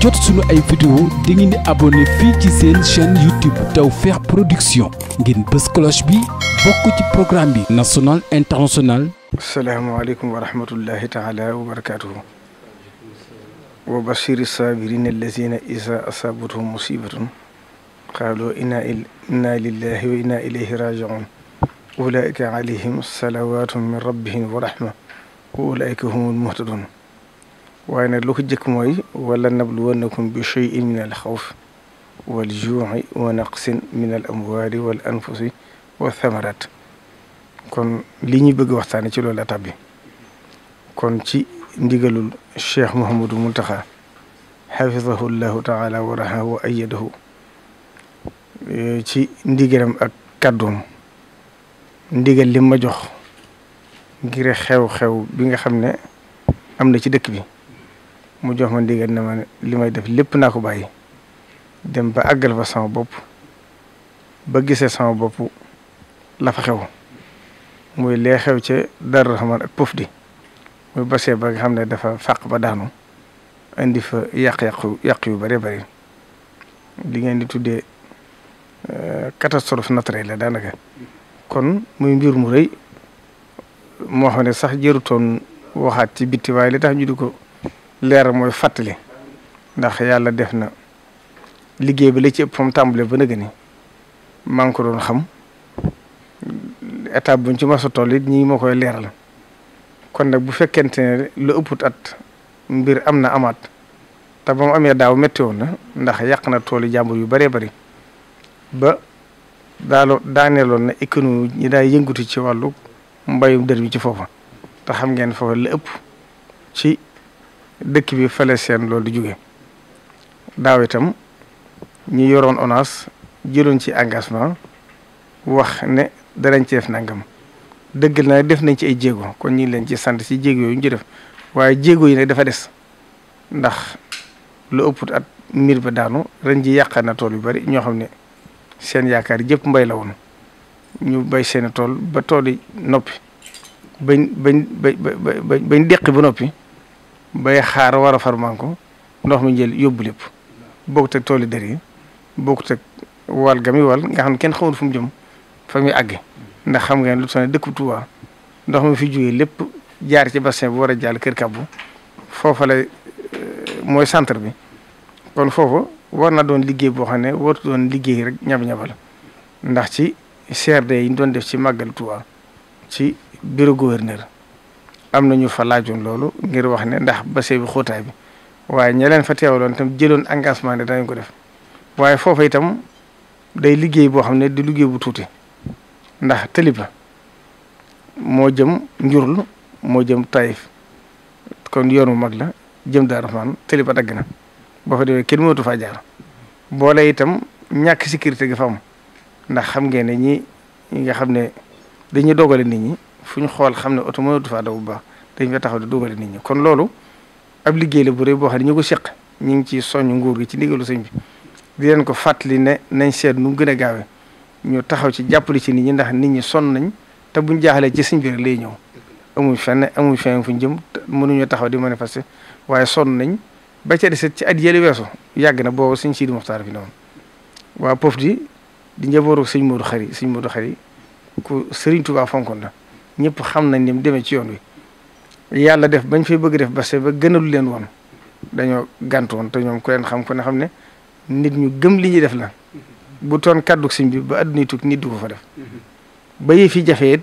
jot suñu ay vidéo da ngeen abonné fii ci seen chaîne YouTube Tawfekh Production ngeen bës cloche bi bokk ci programme bi national international asalaamaaleykum wa rahmatullahi taala wa barakatuhu wa bashiri saabirina allazina inna inna lillahi wa inna alayhim salawatun min rabbihim wa rahma wa ulaika humul waaye nag lu ko jëkk mooy wala nabluwannakum bi shay'in min al xawf wal juu'i wa naqsin min al amwaali wal anfusi kon li ñu bëgg waxtaane ci loolu la tàbbi kon ci ndigalul cheikh Mouhamadou Mountakha xafidahu llahu taala wa rahahu wa ayyadahu ci ndigalam ak kàddoom ndigal li ma jox ngir xew-xew bi nga xam ne am na ci dëkk bi mu jox ma ndigal na ma li may def lépp naa ko bàyyi dem ba àggal fa sama bopp ba gisee sama bopp la xew muy lee xew ca Darou Rahman ak Pofdi muy basee ba nga xam ne dafa fàq ba daanu indi fa yàq-yàq yu bare bëri li ngeen di tuddee euh, catastrophe naturelle la daanaka kon muy mbir mu rëy moo xam ne sax jërutoon waxaat ci bitti waaye li tax ñu ko. leer mooy fàttali ndax yàlla def na liggéey bi la ci ëpp fa mu tàmbalee ba nag ni maa ngi ko doon xam étape buñ ci mos a toll it ñi ma koy leeral kon nag bu fekkente ne lu ëpput at mbir am na amaat te ba mu amee daaw métti woon na ndax yàq na toolu jàmbur yu bëree bëri ba daalo daaneeloon na économie ñi daay yëngatu ci wàllu mbayum dër ci foofa te ngeen foofa la ëpp. dëkk bi fale seen loolu di jóge daaw itam ñi yoroon ONAS jëloon ci engagement wax ne danañ ci def nangam dëggal na def nañ ci ay jéego kon ñu leen ci sant si jéego yooyu ñu ci def waaye jéego yi ne dafa des ndax lu ëpp at mbir ba daanu ren ji yàqaat na tool yu bari ñoo xam ne seen yaakaar yëpp mbay la woon ñu bay seen tool ba tool yi noppi bañ bañ bañ bañ deqi ba noppi bay xaar war a farmanko ndox mi jël yóbbu lépp bokkut ak toolu der yi bokkut ak wal gami wal nga xam ne kenn xamul fu mu jëm fa muy àgg ndax xam nga lu tax ne dëkk Tuuba ndox mi fi jógee lépp jaar ci bassin bu war a jàll kër kàbbu foofa la euh, mooy centre bi kon foofu war na doon liggéey boo xam ne wartu doon liggéey rek ñab-ñabal ndax ci CRD yi ñu doon def ci màggal Tuuba ci bureau gouverneur am na ñu fa laajoon loolu ngir wax ne ndax bassin bi xóotaay bi waaye ña leen fa teewaloon itam jëloon engagement ne danañ ko def waaye foofa itam day liggéey boo xam ne di liggéey bu tuuti ndax tëlib moo jëm njurul moo jëm Taïf kon yoonu mag la jëm Daaru Rahmaan tëlib ba dagg na boo fa demee kenn mënatu faa jaar boole itam ñàkk sécurité ga fa ndax xam ngeen ne ñi ñi nga xam ne dañuy dogale nit ñi. fu ñu xool xam ne oto mënatu faa daw bu baax dañ fa taxaw di dugale nit ñi kon loolu ab liggéey la bu rëy boo xam ne ñu ko seq ñu ngi ci soññ nguur gi ci ndigalu sëñ bi di leen ko fàttali ne nañ seet mu gën a gaawee ñu taxaw ci jàppale ci nit ñi ndax nit ñi sonn nañ te buñ jaaxalee ci sëñ rek lay ñëw amuñ fenn amuñ fu fuñ jëm mënuñu taxaw di manifester waaye son nañ ba ca deset ci at yële weesu yàgg na boo sëñ Sidi Muxtaar fi ne woon waa Pofdy di njabootu sëñ Modou Xari sëñ Modou Xari ku Sëriñ tubaa fonkoon la ñëpp xam nañ ni mu demee ci yoon wi yàlla def bañ fay bëgg def base ba gënalu leen woon dañoo gàntu te ñoom ku leen xam ku ne xam ne nit ñu gëm li ñuy def la bu toon kàddu sëñ bi ba àdduna tukki nit du ko fa def ba yëf yi jafe it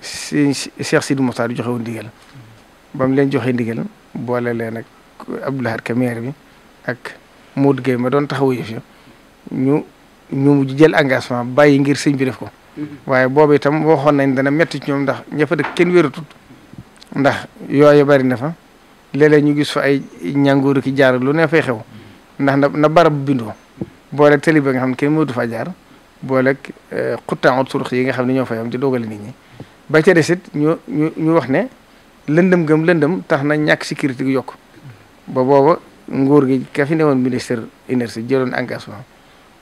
si Cheikh Sidi Moxtaar joxe woon ndigal ba leen joxee ndigal boole leen ak Abdou Lahad Ka maire bi ak Modou Gueye ma doon taxawu yëf ya ñu ñu mujj jël engagement bàyyi ngir sëñ bi def ko. waaye boobu itam waxoon nañ dana metti ci ñoom ndax ña fa dëkk kenn wératut ndax yooyu bari na fa léeg ñu gis fa ay ñàngooru ki jaar lu ne fay xew ndax na na barab bindoo boole tali ba nga xam ne kenn mënatu faa jaar boole eh, xuttaangu turux yi nga xam ne ñoo fay am di dogale nit ñi ba ca desit ñu ñu ñu wax ne lëndëm gëm lëndëm tax na ñàkk sécurité gi yokk ba booba nguur gi ka fi newoon ministère énergie jëloon engagement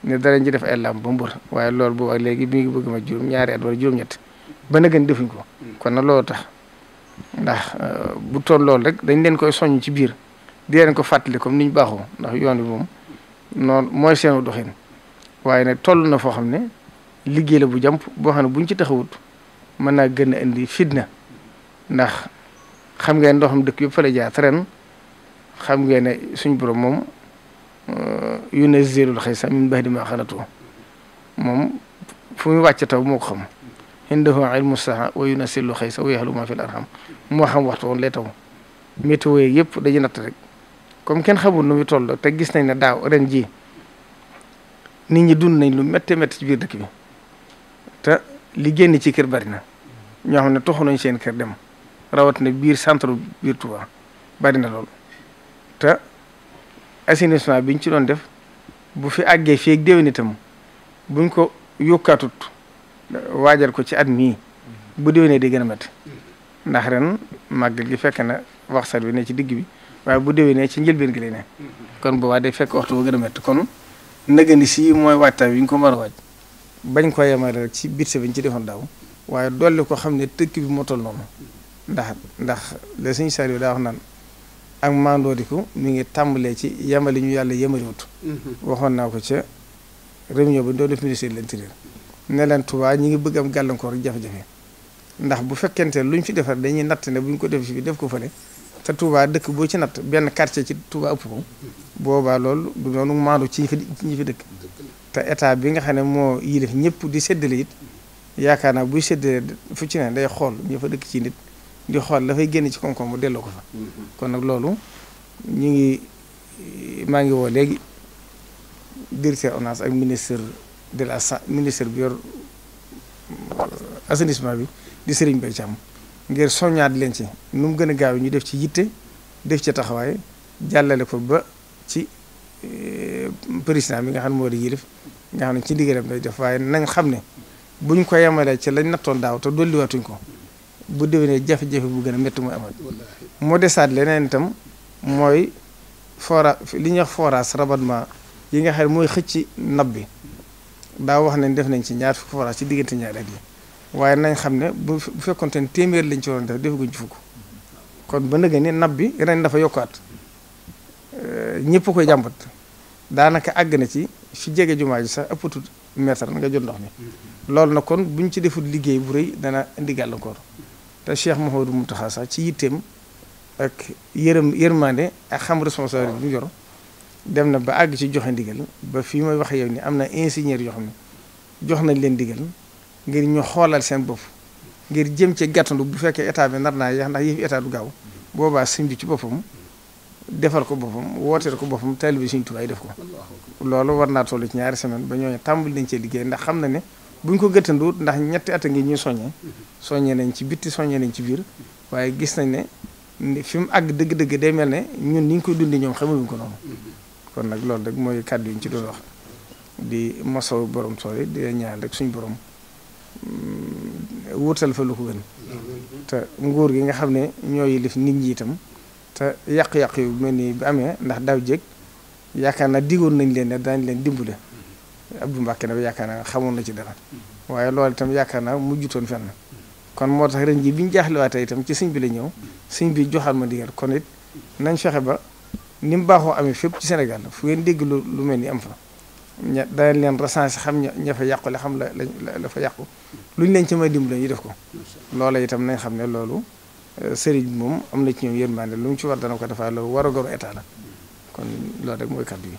ne darañ ci def ay làmb ba mbër waaye loolu boobu ak léegi bi ngi bëgg ma juróom ñaari at wala juróom-ñett ba gën defuñ ko kon na loolu tax ndax euh, bu toll loolu rek dañ leen koy soññ ci biir di leen ko fàttali comme niñ ñu baaxoo ndax yoon bi moom noonu mooy seenu doxin waaye nag toll na foo xam ne liggéey la bu jàmp boo xam ne buñ ci taxawut mën naa gën a indi fitna ndax xam ngeen ndoxam dëkk yëpp fa la jaar ren xam nga ne suñ borom moom Euh, yunazzilul xaysa min ba'di ma to moom fu muy wàcc taw moo ko xam indahu ilmu saha wa yunazzilul xaysa wa ya'lamu ma fil arham moo xam waxtu woon lay taw météo yëpp dañuy natt rek comme kenn xamul nu muy toll te gis nañ ne daaw ren ji nit ñi dund nañ lu méttee métti ci biir dëkk bi te li génn ci kër bari na ñoo xam ne toxu nañ seen kër dem rawatina biir centre biir Touba bari na lool te. assainissement bi ñu ci doon def bu fi àggee fii ak buñ ko yokkaatut waajal ko ci at mii bu déwénee de gën a métti ndax ren màggal gi fekk na waxsal bi ne ci digg bi waaye bu déwénee ci njëlbeen gi lay ne. kon boo waa day fekk waxtu bu gën a métti kon nagandi si mooy waajtaay bi ñu ko mën a waaj bañ ko yemale rek ci biir sa bi ñu ci defoon daaw waaye dolli ko xam ne tëkk bi moo toll noonu ndax ndax la suñu saa daa wax naan. ak mandooriku mu ngi tàmbalee ci yemali ñu yàlla yemaliwut mhm. waxoon naa ko ca réunion bi doon def ministère de l'intérieur ne leen Touba ñi ngi bëgg am gàllankoor jafe-jafe ndax bu fekkente lu ñu fi defar dañuy natt ne bu ñu ko def fi def ko fële te Touba dëkk boo ci natt benn quartier ci Touba ëpp ko mhm. boobaa loolu du noonu maandu ci ñi fi ñi fi dëkk te état bi nga xam ne moo yilif ñëpp di seddale it yaakaar naa buy séddale fu ci ne day xool ñi dëkk ci di xool dafay génn ci koom-koom bu delloo ko fa. kon nag loolu ñu ngi maa ngi woo léegi directeur ONAS ak ministre de la sa ministre bi yor euh, assainissement bi di Serigne Mbaye Thiam ngir soññaat leen ci nu mu gën a gaaw ñu def ci yitte def ci taxawaay jàllale ko ba ci euh, président bi nga xam ne moo di yilif nga xam ne ci ndigalam day def waaye nañ xam ne bu ñu ko yemalee ci lañ nattoon daaw te dolliwaatuñ ko. bu déwénee jafe-jafe bu gën a métti muy amaat moo desaat leneen tam mooy fora li ñuy wax forage rabattement yi nga xam ne mooy xëcc nab bi daa wax ne def nañ ci ñaar forage ci diggante ñaari yi waaye nañ xam ne bu fekkonte ne téeméer lañ ci waroon def defaguñ ci fukk kon ba nëgë ni nab bi ren dafa yokkaat ñëpp koy jàmbat daanaka àgg na ci fi jege jumaa ji sax ëppatul mètre nga jot ndox mi mm-hmm. loolu na kon buñ ci deful liggéey bu rëy dana indi gàllankoor. te Cheikh Mouhamadou Mountakha sax ci yitteem ak yërëm yërmande ak xam responsabilité bi mu yor dem na ba àgg ci joxe ndigal ba fii may wax yow ni am na ingénieur yoo xam ne jox nañ leen ndigal ngir ñu xoolal seen bopp ngir jëm ci gàttandu bu fekkee état bi nar naa yeex ndax yëf état du gaaw boobaa sëñ bi ci boppam defal ko boppam wooteel ko boppam taalibe Sëñ Tuubaa def ko loolu war naa toll ci ñaari semaine ba ñooñu tàmbali nañ cee liggéey ndax xam na ne bu ñu ko gëttanduwut ndax ñetti at a ngi ñuy soññee soññee nañ ci bitti soññee nañ ci biir waaye gis nañ ne fi àgg dëgg-dëgg day mel ne ñun ni ñu koy dundi ñoom xamaluñ ko noonu kon nag loolu rek mooy kàddu yi ñu ci doon wax di mosaw borom tool yi di ñaan rek suñu borom mm, wutal fa lu ko gën te nguur gi nga xam ne ñoo yilif nit ñi itam te yàq-yàq yu mel ni bi amee ndax daaw jéeg yaakaar naa digoon nañ leen ne daañ leen dimbule Abdou Mbacke nag yaakaar naa xamoon na ci dara waaye loolu itam yaakaar naa mujjutoon fenn kon moo tax ren jii bi ñu jaaxlewaatee itam ci sëñ bi la ñëw sëñ bi joxal ma ndigal kon it nañ fexe ba ni mu baaxoo amee fépp ci Sénégal fu ngeen dégg lu lu mel ni am fa. ña danañ leen recensé xam ña fa yàqu la xam la la fa yàqu luñ leen ci may dimbali ñu def ko loola itam nañ xam ne loolu euh, sëriñ bi moom am na ci ñoom yërmande lu mu ci war dana ko defaa loolu war a goru état la kon loolu rek mooy yi.